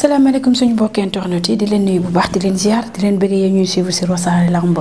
salaamaaleykum suñu mbokki internet yi di leen nuyu bu baax di leen ziar di leen bëggee ñuy suivre sur Wassare Lamb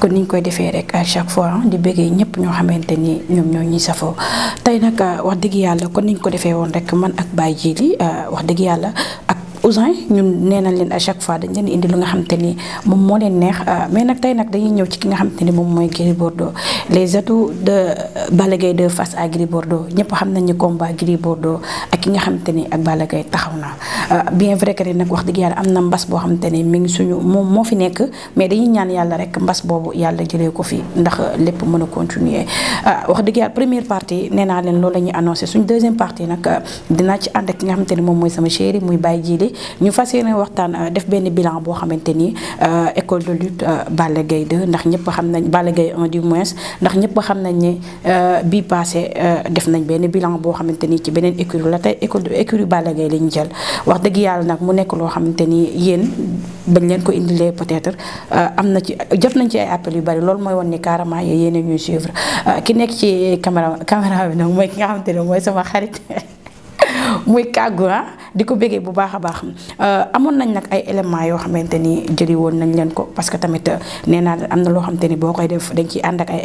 kon ni ñu koy defee rek à chaque fois ah di bëggee ñëpp ñoo xamante ni ñoom ñoo ñuy safoo tey nag ah, wax dëgg yàlla kon ni ñu ko defee woon rek man ak baay Baye Djili ah, wax dëgg yàlla ak. Ousin ñun nee nañ leen à chaque fois dañ leen indi lu nga xam te ni moom moo leen neex euh, mais na tey nag dañuy ñëw ci ki nga xam te ni moom mooy Gris Bordeaux les atouts de Balla Gaye 2 face à Gris Bordeaux ñëpp xam nañ ni combat Gris Bordeaux ak ki nga xam ni ak Balla taxaw na euh, bien vrai que nag wax dëgg yàlla am na mbas boo xam te mi ngi suñu moom moo fi nekk mais dañuy ñaan yàlla rek mbas boobu yàlla jëlee ko fi ndax lépp mën a continuer euh, wax dëgg yàlla première partie nee naa leen loolu la ñuy suñ deuxième partie nag dinaa ci ànd ak ki nga xam te mooy sama chéri muy Baye Jili ñu fas yéene waxtaan euh, def benn bilan boo xamante ni euh, école de lutte euh, Balla Gaye 2 ndax ñëpp xam nañ Balla Gaye 1 du ndax ñëpp xam nañ ne bii passé def nañ benn bilan boo xamante ni ci beneen écurie la tey école écurie Balla Gaye la ñu jël wax dëgg yàlla nag mu nekk loo xamante ni yéen bañ leen ko indilee peut-être am na ci jëf nañ ci ay yu bari loolu mooy won ni carrément yéen a ñuy suivre ki nekk ci caméra caméra bi nag mooy ki nga xamante ne mooy sama xarit muy kàggu ah, di ko bëggee bu baax a baax euh, amoon nañ nag ay éléments yoo xamante ni jëli woon nañ leen ko parce que tamit euh, nee naa am na loo xamante ni boo koy def dañ ciy ànd ak ay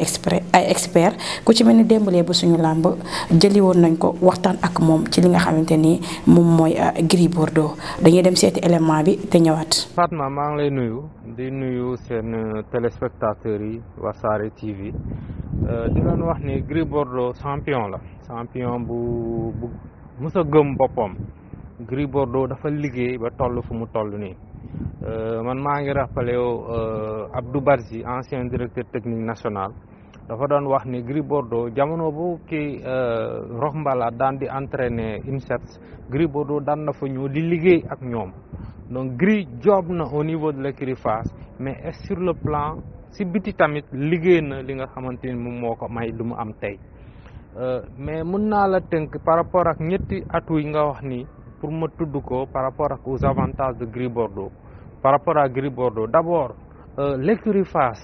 expert ku ci mel ni démbalee bu suñu làmb jëli woon nañ ko waxtaan ak moom ci li nga xamante ni moom mooy euh, Gris Bordeaux dañuy dem seeti élément bi te ñëwaat. Fatma maa ngi lay nuyu nuyu seen téléspectateurs yi Wassare TV di leen wax ni Gris Bordeaux champion la champion bu. mës a gëm boppam Gris Bordeaux dafa liggéey ba toll fu mu toll nii euh, man maa ngi rappelé euh, Abdou Barzi ancien directeur technique national dafa doon wax ni Gris Bordeaux jamono bu ki euh, Rox Mbala daan di entraîner INSETS Gris Bordeaux daan na fa ñëw di liggéey ak ñoom donc Gris job na au niveau de l'écurie Fass mais est sur le plan si biti tamit liggéey na li nga xamante ni moom moo ko may lu mu am tey Euh, mais mën naa la tënk par rapport ak ñetti atu yi nga wax nii pour ma tudd ko par rapport ak aux avantages de Gris Bordeaux par rapport à Gris Bordeaux d' abord euh, l'écurie Fass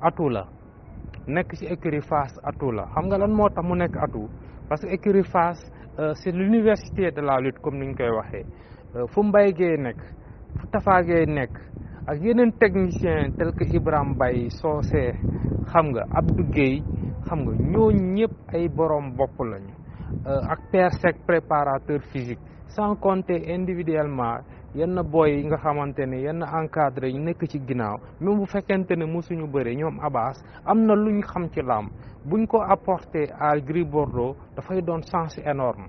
atu la nekk ci écurie Fass atu la xam nga lan moo tax mu nekk atu parce que écurie Fass c' est l' de la lutte comme ni ñu koy waxee euh, fu Mbaye Guèye nekk fu Tafa Guèye nekk ak yeneen technicien tel que Ibrahima Mbaye Socé xam nga Abdou Guèye xam nga ñooñu ñëpp ay borom bopp lañu euh, ak père sec préparateur physique sans compter individuellement yenn boy yi nga xamante ne yenn encadré yi nekk ci ginnaaw même bu fekkente ne mosuñu bëre ñoom Abass am na lu ñu xam ci làmb buñ ko apporté à Gris Bordeaux dafay doon sens énorme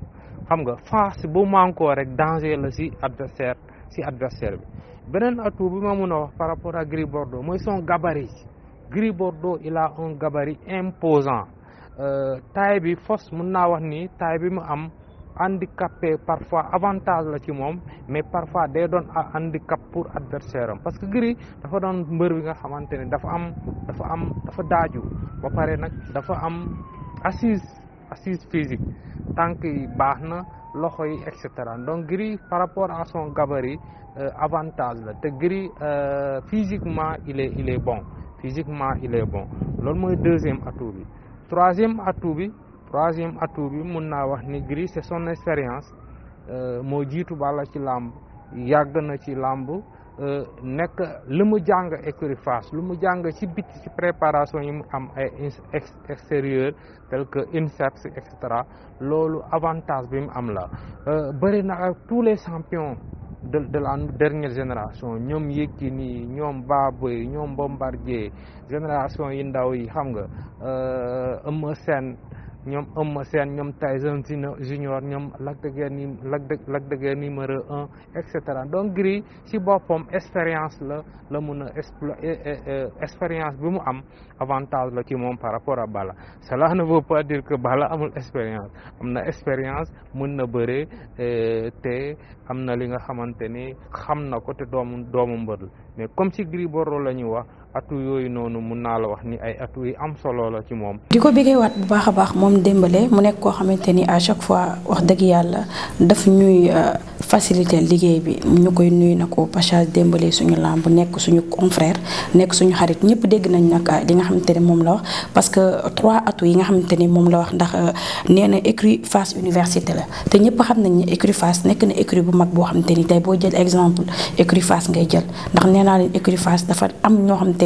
xam nga face bu manko rek danger la si adversaire si adversaire bi beneen atout bi ma mun a wax par rapport à Gris Bordeaux mooy son gabarit Gris Bordeaux illa a un gabarit imposant euh, taille bi force mun naa wax ni taille bi mu am handicapé parfois avantage la ci moom mais parfois day doon handicap pour adversaire am parce que Gris dafa doon mbër bi nga xamante ne dafa am dafa am dafa daaju ba pare nag dafa am assise assise physique tànk yi baax na loxo yi et cetera donc Gris par rapport à son gabarit euh, avantage la te gri euh, physiquement il est il est bon physiquement il est bon loolu mooy deuxième atout bi troisième atout bi troisième atout bi mun naa wax ni Gris c'est son expérience euh, moo jiitu bala ci làmb yàgg na ci làmb euh, nekk lu mu jàng écurie Fass lu mu jàng ci biti ci préparation yi mu am ay extérieur tel que INSEPS et cetera loolu avantage bi mu am la euh, bëri na ak tous les champions de de la dernière génération ñoom Yékini ñoom Baboy ñoom Bombardier génération yi ndaw yi xam nga euh, Eumeu Sène ñoom Eumeu Sène ñoom Tyson Junior ñoom Lac de Guiers Lac de Guiers numéro un et cetera donc Gris si boppam expérience la la mun a eh, eh, eh, expérience bi mu am avantage la ci moom par rapport à Balla cela ne veut pas dire que Balla amul expérience am na expérience mën na bëre te am na li nga xamante ni xam na ko te doomu doomu mais comme ci Gris Bordeaux la wax atu yooyu noonu mun naa la wax ni ay atu yi am solo la ci moom. di ko bëggeewaat bu baax a baax moom Dembélé mu nekk koo xamante ni à chaque fois wax dëgg yàlla daf ñuy euh, faciliter liggéey bi ñu koy nuyu na ko Pachage Dembélé suñu làmb nekk suñu confrère nekk suñu xarit ñëpp dégg nañ nag euh, li nga xamante ne moom la wax parce que trois atu yi nga xamante ni moom la wax ndax euh, nee na écurie Fass université la te ñëpp xam nañ ne écurie nekk na écurie bu mag boo xamante ni tey boo jël exemple écurie Fass ngay jël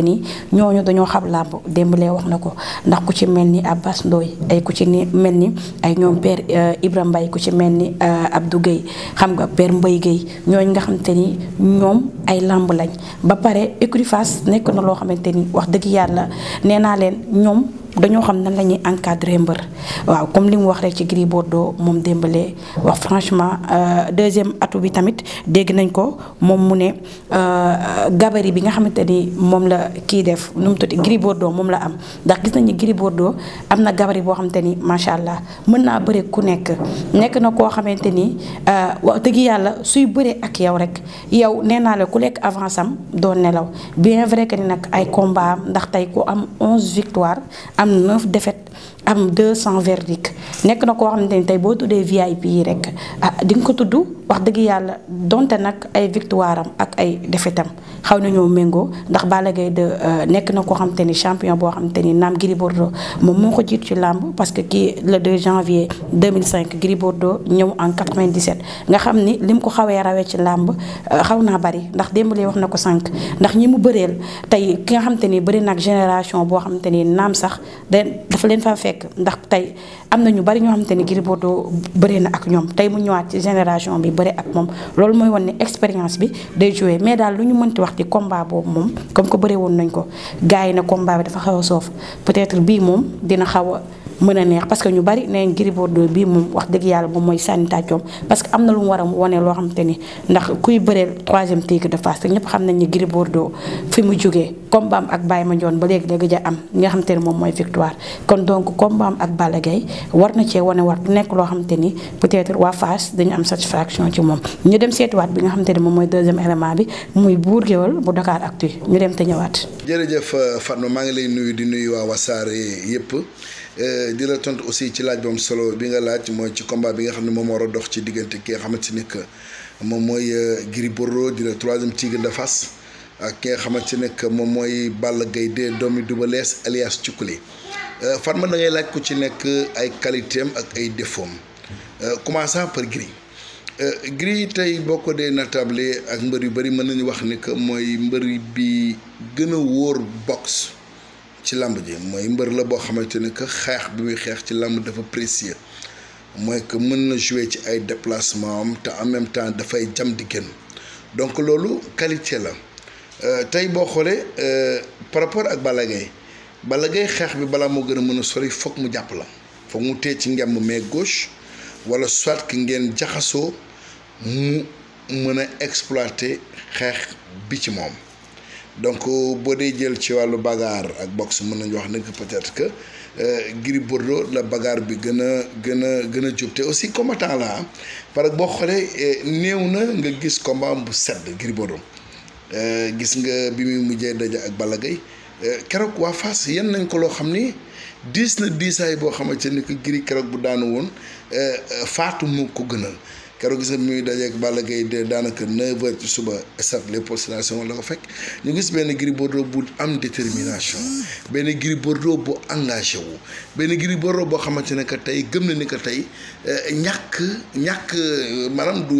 ni ñooñu dañoo xam làmb démb lee wax na ko ndax ku ci mel ni Abbas Ndoye ay ku ci ni mel ni ay ñoom père euh, Ibrahima Mbaye ku ci mel ni euh, Abdou Guèye xam nga père Mbaye Guèye ñooñ nga xam te ni ñoom ay làmb lañ ba pare écurie nekk na loo xamante ni wax dëgg yàlla nee naa leen ñoom dañoo xam nan la ñuy encadrer mbër waaw comme li mu wax rek ci Gris Bordeaux moom démbalee wax franchement euh, deuxième atu bi tamit dégg nañ ko moom mu ne euh, gabarit bi nga xamante ni moom la kii def nu mu tudd Gris Bordeaux moom la am ndax gis nañu Gris Bordeaux am na gabarit boo xamante ni macha allah mën naa bëre ku nekk nekk na koo xamante ni euh, wax dëgg yàlla suy bëree ak yow rek yow nee naa la ku lekk avance am doon nelaw bien vrai que ni nag ay combat am ndax tey ku am 11 victoire. am neuf défaites am 200 verdicts nekk na koo xam xamante ni tey boo tuddee VIP yi rek ah di nga ko tudd wax dëgg yàlla donte nag ay victoire am ak ay défaitam xaw nañoo méngoo ndax Balla Gaye de euh, nekk na koo xamante ni champion boo xamante ni naam Gris Bordeaux moom moo ko jiit ci làmb parce que kii le 2 janvier 2005 Gris Bordeaux ñëw en 97 nga xam ni lim ko xawee rawee ci làmb euh, xaw naa bari ndax démb lee wax na ko sànq ndax mu bëreel tey ki nga xamante ni bëri nag génération boo xamante ni naam sax dafa leen fa fekk fekk ndax tey am na ñu bari ñoo xamante ni Gris Bordeaux bëree na ak ñoom tey mu ñëwaat ci génération bi bëri ak moom loolu mooy wan ne expérience bi day joué mais daal lu ñu mënti wax ci combat boobu moom comme que bëree woon nañ ko gars na combat bi dafa xaw a soof peut-être bii moom dina xaw a mën a neex parce que ñu bari neen Gris Bordeaux bii moom wax dëgg yàlla moom mooy sànni tàccoom parce que am na lu mu war a wane loo xam te ni ndax kuy bëreel troisième tigre de Fass te ñëpp xam nañ ni Gris Bordeaux fi mu jógee combat am ak ma Mandione ba léegi léegi ja am nga xam te ni moom mooy victoire kon donc combat am ak Balla Gaye war na cee wane war nekk loo xam te ni peut-être waa Fass dañu am satisfaction ci moom ñu dem seetuwaat bi nga xam te moom mooy deuxième élément bi muy buur géwal bu Dakar Actu ñu dem te ñëwaat jërëjëf Fatma maa ngi lay nuyu di nuyu waa Wassare yëpp Euh, di la tontu aussi ci laaj bu solo bi nga laaj mooy ci combat bi nga xam ne moom war a dox ci diggante ki nga xamante ni que moom mooy euh, Gris Bordeaux dina la troisième tigre de Fass ak ki nga xamat si que moom mooy Balla Gaye 2 doomi Double Less alias Cukkuli euh, fan da ngay laaj ku ci nekk ay qualité ak ay défaut am commençant par Gris Gris tey boo ko dee natable ak mbër yu bëri mën nañu wax ni que mooy mbër bi gën wóor box ci làmb ji mooy mbër la boo xamante ne que xeex bi muy xeex ci làmb dafa précieux mooy que mën na jouer ci ay déplacement am te en même temps dafay jam di génn donc loolu qualité la euh, tey boo xoolee euh, par rapport ak Balla Gaye xeex bi balaa moo gën a mën a soli foog mu jàpp la foog mu téye ci ngemb mais gauche wala soit que ngeen jaxasoo mu mën a exploité xeex bi ci moom donc euh, boo dee jël ci wàllu bagaar ak su mën nañu wax ne que peut-être que euh, Gris Bordeaux la bagaar bi gën a gën a gën a jub te aussi combattant la ah parce que boo xoolee euh, néew na nga gis combat bu sedd Gris Bordeaux gis nga bi muy mujjee daje ak Balla keroog waa fas yenn nañ ko loo xam ni diis na diisaay boo xamante ni que Gris keroog bu daanu woon faatu moo ko gënal. keroog gis nga muy dajeeg Balla Gaye daanaka 9 ci suba stade le postulations la ko fekk ñu gis benn Gris Bordeaux bu am détermination benn Gris Bordeaux bu engagé wu benn Gris Bordeaux boo xamante ne que tey gëm na ni que tey euh, ñàkk ñàkk maanaam du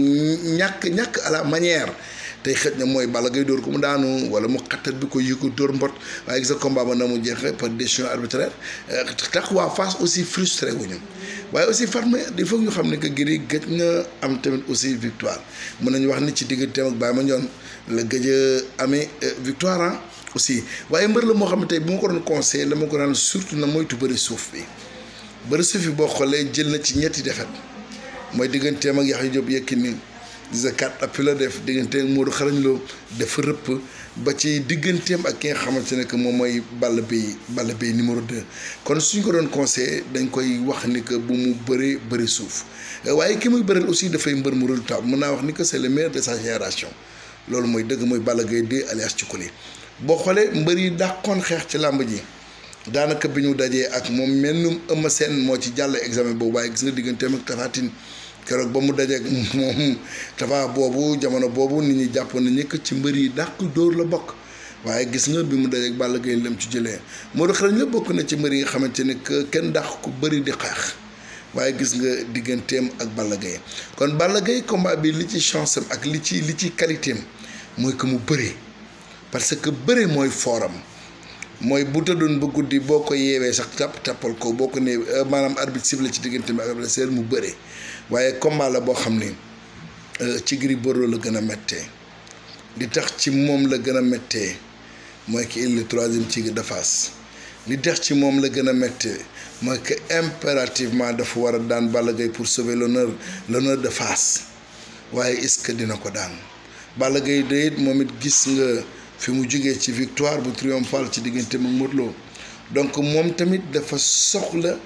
ñàkk ñàkk à la manière. tey xëj na mooy Balla Gaye dóor ko mu daanu wala mu xattat bi ko yi ko dóor mbot waaye gis nga combat ba na mu jeexee par décision arbitraire euh, tax waa Fass aussi frustré wu ñu waaye aussi farme di faut ñu xam ne que Gris gëj na am tamit aussi victoire mën nañu wax ni ci digganteem ak ma Mandione la gëj a amee euh, victoire ah aussi waaye mbër la moo xam ne tey bu ma ko doon conseillé la ma ko daan surtout na moytu bëri suuf bi bëri suuf bi boo xoolee jël na ci ñetti defet mooy digganteem ak Yaxya Diop Yékini di sa carte appui la def digganteeg Modou Xarañ Lo dafa rëpp ba ci digganteem ak ki nga xamante ne que moom mooy Balla bi Balla bi numéro de kon suñ ko doon conseillé dañ koy wax ni que bu mu bëree bëri suuf waaye ki muy bëreel aussi dafay mbër mu résultat mën naa wax ni que c'est le meilleur de sa génération loolu mooy dëgg mooy Balla Gaye 2 alias Cukkuli boo xoolee mbër yi dàqoon xeex ci làmb ji daanaka bi ñu dajee ak moom mennum Eumeu seen moo ci jàll examen boobu waaye gis nga digganteem ak Tapha keroog ba mu dajeeg moom Tapha boobu jamono boobu nit ñi jàpp na ñëkk ci mbër yi dàq dóor la bokk waaye gis nga bi mu dajeeg Balla Gaye lam ci jëlee Modou Xarañ la bokk na ci mbër yi nga xamante ni que kenn dàq ku bëri di xeex waaye gis nga digganteem ak Balla Gaye kon Balla Gaye combat bi li ci chance ak li ci li ci qualité mooy que mu bëri parce que bëri mooy fooram. mooy bu tëddoon ba guddi boo ko yeewee sax tàpp tàppal ko boo ko nee euh, maanaam arbitre sifflé ci diggante mi ak adversaire mu bëree waaye combat la boo xam ni euh, ci Gris Bordeaux la gën a méttee li tax ci moom la gën a méttee mooy que il troisième Tigre de Fass li tax ci moom la gën a méttee mooy que impérativement dafa war a daan Balla Gaye pour sauver l'honneur l'honneur de Fass waaye est-ce que dina ko daan Balla Gaye de it moom it gis nga. fi mu jugee ci victoire bu triomphal ci diggante ak Modou Lo donc moom tamit dafa soxla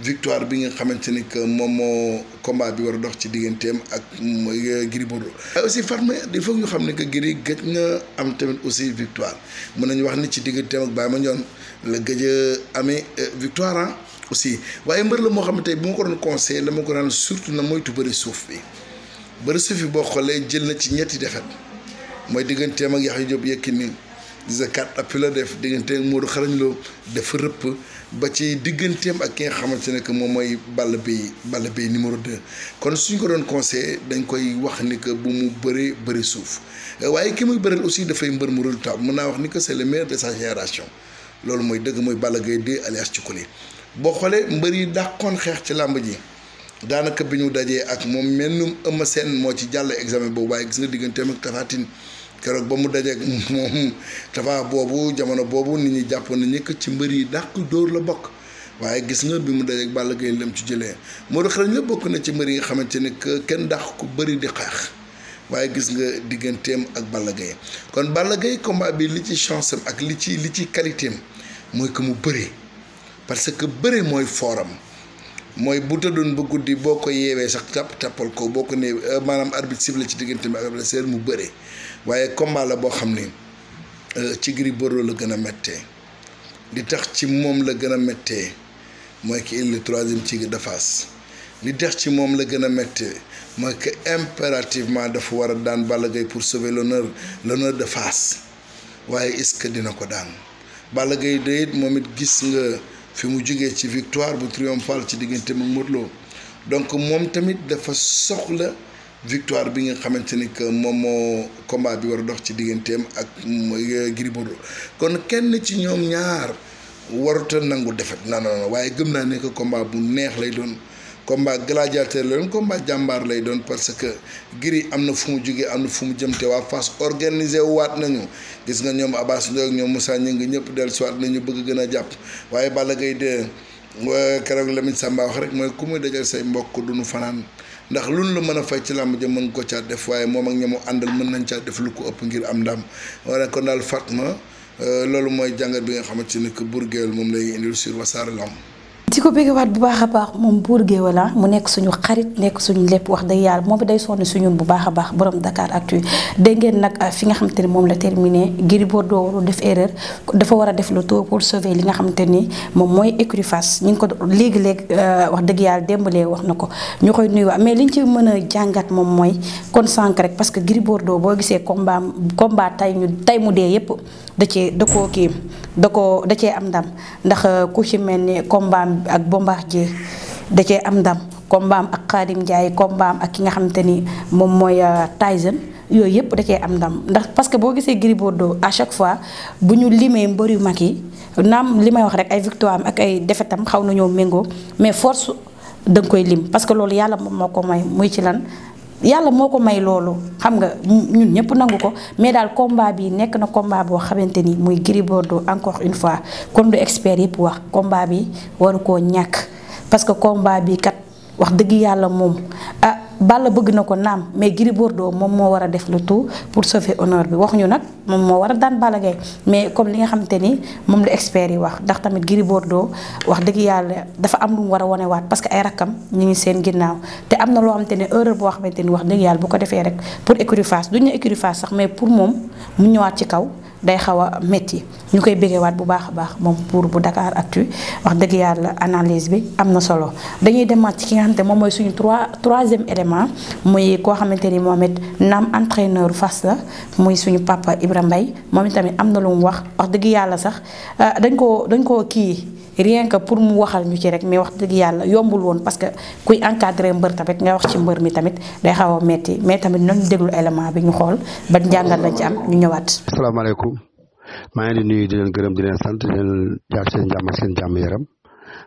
victoire bi nga xamante ni que moom moo combat bi war a dox ci digganteem ak euh, Gris Bordeaux. waaye aussi Fatma il faut xam ne que Gris gëj nga am tamit aussi victoire mën nañu wax ni ci digganteem ak Baye Mandione la gëj amee euh, victoire ah aussi waaye mbër la moo xam ne tey bu ma ko doon conseillé dama ko daan surtout na moytu bëri suuf bi bëri suuf bi boo xoolee jël na ci ñetti defet mooy digganteem ak Yaxya Jóob Yékini disa quatre appuis la def digganteem moo Modou Xarañ Lo dafa rëpp ba ci digganteem ak ki nga xamante ne que moom mooy Balla bi Balla Bèye numéro 2 kon suñ ko doon conseillé dañ koy wax ni que bu mu bëree bëri suuf waaye ki muy bëreel aussi dafay mbër mu résultat mën naa wax ni que c'est le meilleur de sa génération loolu mooy dëgg mooy Balla Gaye 2 alias Cukkuli boo xoolee mbër yi dàqoon xeex ci làmb ji daanaka bi ñu dajee ak moom mennum Eumeu Sène moo ci jàll examen boobu waaye gis nga digganteem keroog ba mu dajee moom Tapha boobu jamono boobu nit ñi jàppoon na ñëkk ci mbër yi dàq dóor la bokk waaye gis nga bi mu dajeeg Balla Gaye lam ci jëlee Modou Xarañ la bokk na ci mbër yi nga xamante ni que kenn dàq ku bëri di xeex waaye gis nga digganteem ak Balla Gaye kon Balla Gaye combat bi li ci chance ak li ci li ci qualité am mooy que mu bëree parce que bëri mooy fooram. mooy bu tëddoon bu guddi boo ko yeewee sax tàpp tàppal ko boo ko nee euh, maanaam arbitre cible ci diggante bi ak adversaire mu bëre waaye combat la boo xam ni euh, ci Gris Bordeaux la gën a méttee li tax ci moom la gën a méttee mooy que il est troisième de Fass li tax ci moom la gën a méttee mooy que impérativement dafa war a daan Balla Gaye pour sauver l'honneur l'honneur de Fass waaye est-ce que dina ko daan Balla Gaye de moom it gis nga. fi mu jógee ci victoire bu triomphal ci diggante mu Modou donc moom tamit dafa soxla victoire bi nga xamante ni que moom moo combat bi war a dox ci digganteem ak Gris Bordeaux kon kenn ci ñoom ñaar waruta nangu defet non non waaye gëm naa ne que combat bu neex lay doon combat gladiateur la doon combat jàmbaar lay doon parce que Gris am na fu mu jugee am na fu mu jëm te waa Fass organisé waat nañu gis nga ñoom Abass Ndoye ak ñoom Moussa Gningue ñëpp dellusiwaat nañu bëgg gën a jàpp waaye Balla Gaye de euh, keroog Lamine Samba wax rek mooy ku muy dajal say mbokk du nu fanaan ndax luñ la mën a fay ci làmb ja mën ko caa def waaye moom ak ñamu àndal mën nañ caa def lu ko ëpp ngir am ndam wala kon daal Fatma euh, loolu mooy jàngat bi nga xamante ni que Bour Gueweul moom lay indil sur Wassare Lamb di ko béggewaat bu baax a baax moom buur géwél la ah, mu nekk suñu xarit nekk suñu lépp wax dëgg yàlla moom day sonn suñu bu baax a baax borom Dakaractu dégg ngeen nag ah, fi nga xamante ni moom la terminé Gris Bordeaux warul def erreur dafa war a def le tour pour sauver li nga xamante ni moom mooy écurie Fass ñu ngi ko léegi-léegi euh, wax dëgg yàlla lee wax na ko ñu koy nuyuwaat mais li ñu ci mën a jàngat moom mooy concentré rek parce que Gris Bordeaux boo gisee combat combat tay ñu tay mu dee yépp da cee da koo kii da koo da cee am ndam ndax euh, ku ci mel ni combat ak bombaax Bombardier da cee am ndam combat am ak Khadim Ndiaye combat am ak ki nga xamante ni moom mooy euh, Tyson yooyu yëpp da cee am ndam ndax parce que boo gisee Gris Bordeaux à chaque fois bu ñu limee mbër yu mag yi naam li may wax rek ay victoire ak ay defetam am xaw nañoo méngoo mais force da koy lim parce que loolu yàlla moom moo ko may muy ci lan. yàlla moo ko may loolu xam nga ñun ñëpp nangu ko mais daal combat bii nekk na combat boo xamante ni muy Gris Bordeaux encore une fois kon du expert yëpp wax combat bi waru koo ñàkk parce que combat bi kat wax dëgg yàlla moom Balla bëgg na ko naam mais Gris Bordeaux moom moo war a def le tout pour sauver honneur bi waxuñu nag moom moo war a daan Balla Gaye mais comme li nga xamante ni moom la expert yi wax ndax tamit Gris Bordeaux wax dëgg yàlla dafa am lu mu war a wonewaat parce que ay rakkam ñu ngi seen ginnaaw te am na loo xamante ne erreur boo xamante ni wax dëgg yàlla bu ko defee rek pour écurie Fass duñ ne écurie Fass sax mais pour moom mu ñëwaat ci kaw day xaw a métti ñu koy bégewaat bu baax a baax moom pour bu Dakar Actu wax dëgg yàlla analyse bi am na solo dañuy demaat ci ki nga xamante moom mooy suñu trois troisième élément muy koo xamante ni moom it naam entraîneur Fass la muy suñu papa Ibra mbay moom itamit am na lu mu wax wax dëgg yàlla sax ah, dañ koo dañ koo kii. rien que pour mu waxal ñu ci rek mais wax dëgg yàlla yombul woon parce que kuy encadré mbër tamit nga wax ci mbër mi tamit day xaw a metti mais tamit nañu déglu élément bi ñu xool ba njàngal lañ ci am ñëwaat. asalaamaaleykum maa ngi leen di nuyu di leen gërëm di leen sant di leen jaar seen seen jàmm yaram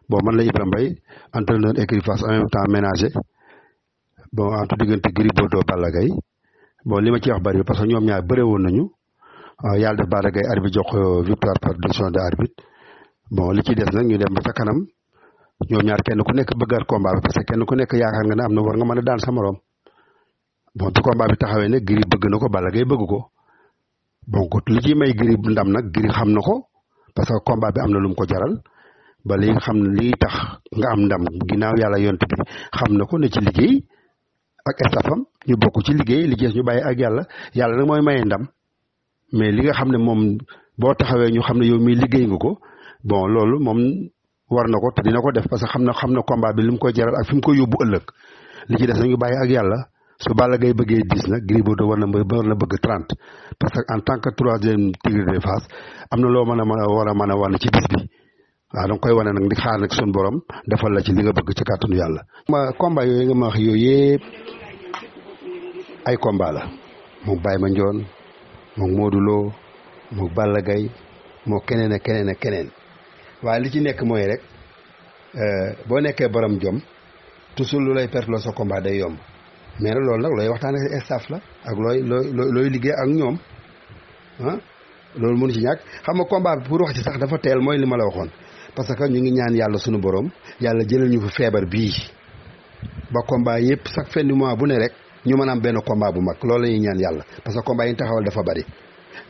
bon man la Ibrahima Mbaye entraîneur écurie Fass en même temps ménager bon entre diggante Gris Bordeaux bala Gaye bon li ma ci wax bari parce que ñoom ñaar bëre woon nañu euh, yàlla def Balla Gaye arbitre jox euh, victoire par décision de arbitre. bon li ci des nag ñu dem ba ca kanam ñoom ñaar kenn ku nekk bëggaat combat bi parce que kenn ku nekk yaakaar nga ne am na war nga a daan sa bon bi combat bi taxawee ne Gris bëgg na ko Balla Gaye bëgg ko bon lu ci may Gris ndam nag Gris xam na ko parce que combat bi am na lu mu ko jaral ba li xam li tax nga am ndam ginnaaw yàlla yont bi xam na ko ne ci liggéey ak estafam ñu bokk ci liggéey li ñu bàyyi ak yàlla yàlla nag mooy maye ndam mais li nga xam ne moom boo taxawee ñu xam ne yow mii liggéey nga ko. bon loolu moom war na ko te dina ko def parce que xam na xam na combat bi li mu koy jaral ak fi mu koy yóbbu ëllëg li ci des nañu bàyyi ak yàlla su Balla gay bëggee dix nag Gris Bordeaux war na war na bëgg trent parce que en tant que troisième Tigre de Fass am na loo mën a mën a war a mën a wane ci bis bi waaw danga koy wane nag di xaar nag suñu borom defal la ci li nga bëgg ci kàttanu yàlla. ma combat yooyu nga ma wax yooyu yëpp ay combat la moom Baye Mandione moom Modou Lo moom Balla Gaye keneen keneen keneen. waaye li ci nekk mooy rek euh, boo nekkee borom jom toujours lu lay perte sa combat day yomb mais nag loolu nag looy waxtaan ak staff la ak looy looy liggéey ak ñoom ah loolu mënu ci ñàkk xam nga combat bi pour wax ci sax dafa teel mooy li ma la waxoon parce que ñu ngi ñaan yàlla sunu borom yàlla jëlal ñu fi feebar bii ba combat yëpp chaque fin du mois bu ne rek ñu mën a benn combat bu mag loolu la ñuy ñaan yàlla parce que combat yi ñu taxawal dafa bari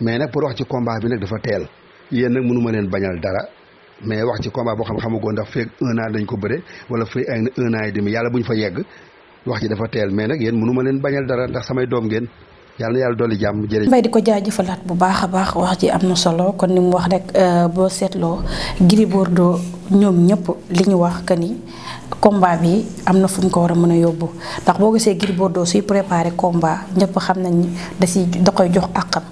mais nag pour wax ci combat bi nag dafa teel yéen mënu ma leen bañal dara mais wax ci combat boo xam xamagoo ndax feeg un an dañ ko bëre wala feeg ay un an et demi yàlla buñ fa yegg wax ci dafa teel mais nag yéen mënu ma leen bañal dara ndax samay doom ngeen yàlla na yàlla dolli jàmm jërëjëf. Mbaye di ko jaajëfalaat bu baax a baax wax ci am na solo kon ni mu wax rek euh, boo seetloo Gris Bordeaux ñoom ñëpp li ñu wax que ni combat bi am na fu mu ko war a mën a yóbbu ndax boo gisee Gris Bordeaux suy préparé combat ñëpp xam nañ da si da koy jox àqam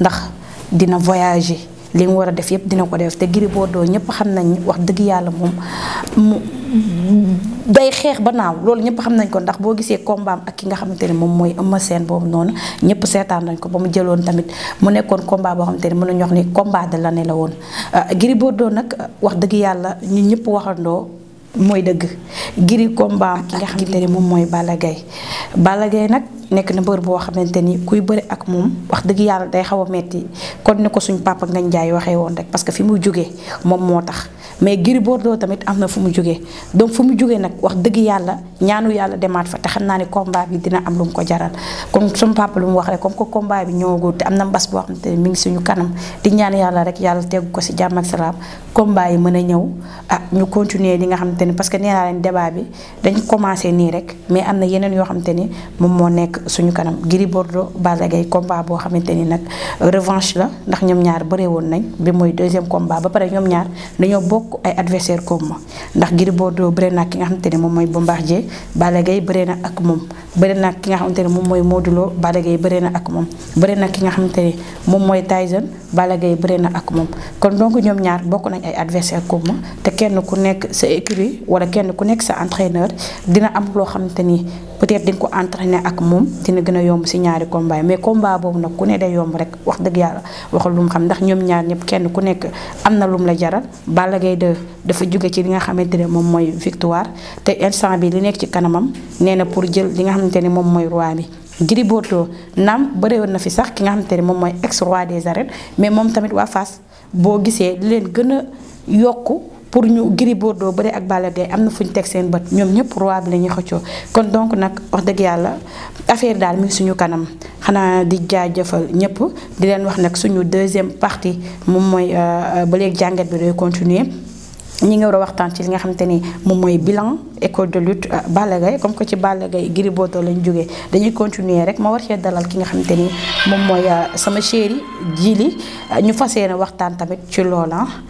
ndax dina voyager. li mu war a def yëpp dina ko def te Gris doo ñëpp xam nañ wax dëgg yàlla moom mu day xeex ba naaw loolu ñëpp xam nañ ko ndax boo gisee kombaam ak ki nga xamante ne moom mooy Eumeu Sène boobu noonu ñëpp seetaan nañ ko ba mu jëloon tamit mu nekkoon combat xam nte ne mën nañu wax ni combat de l'année la woon euh, Gris Bordeaux nag wax dëgg yàlla ñun ñëpp waxandoo. mooy dëgg giri combat ki nga xamante ni moom mooy Balla Gaye Balla nag nekk na mbër boo xamante ni kuy bëri ak moom wax dëgg yàlla day xaw a metti kon ni ko suñ papa Ngagne Ndiaye waxee woon rek parce que fi muy jógee moom moo tax mais Gris Bordeaux tamit am na fu mu jógee donc fu mu jógee nag wax dëgg yàlla ñaanu yàlla demaat fa te xam naa ne combat bi dina am lu mu ko jaral comme sama papa lu mu wax rek comme que combat bi ñëwagul te am na mbas boo xam te mi ngi suñu kanam di ñaan yàlla rek yàlla tegu ko si jàmm ak salaam combat yi mën a ñëw ah ñu continuer li nga xamante ni parce que nee naa leen bi dañ commencé nii rek mais am na yeneen yoo xamante ni moom moo nekk suñu kanam Gris Bordeaux Balla Gaye combat boo xamante ni nag revanche la ndax ñoom ñaar bëree woon nañ mooy deuxième combat ba pare ñoom ñaar bokk ay adversaire comme ma ndax Gris Bordeaux bëre na ki nga xamante ne moom mooy Bombardier Balla Gaye bëre na ak moom bëre naa ki nga xamante ne moom mooy Modou Lo Balla Gaye bëre ak moom bëre na ki nga xamante ne moom mooy Tyson Balla Gaye bëre na ak moom kon donc ñoom ñaar bokk nañ ay adversaire comme ma te kenn ku nekk sa écurie wala kenn ku nekk sa entraîneur dina am loo xamante ni peut-être di ko entraîner ak moom dina gën a yomb si ñaari combat yi mais combat boobu nag ku ne day yomb rek wax dëgg yàlla waxul lu mu xam ndax ñoom ñaar ñëpp kenn ku nekk am na lum la jaral Balla gay 2 dafa jóge ci li nga xamante ne moom mooy victoire te instant bi li nekk ci kanamam nee na pour jël li nga xamante ne moom mooy roi bi. Gris Bordeaux naam bëre woon na fi sax ki nga xamante ne moom mooy ex roi des arènes mais moom tamit waa fas boo gisee li leen gën a yokk pour ñu Gris Bordeaux bëre ak Balla Gaye am na fu ñu teg seen bët ñoom ñëpp roi bi la ñuy xëccoo kon donc nag wax dëgg yàlla affaire daal mi ngi suñu kanam xanaa di jëfal ñëpp di leen wax nag suñu deuxième partie moom mooy euh, ba léegi jàngat bi doy continuer ñi nga war a waxtaan ci li nga xamante ni moom mooy bilan école de lutte euh, Balla Gaye comme que ci Balla Gaye Gris Bordeaux lañ jógee dañuy continuer rek ma war cee dalal ki nga xamante ni moom mooy euh, sama chéri li ñu fas yéene waxtaan tamit ci loola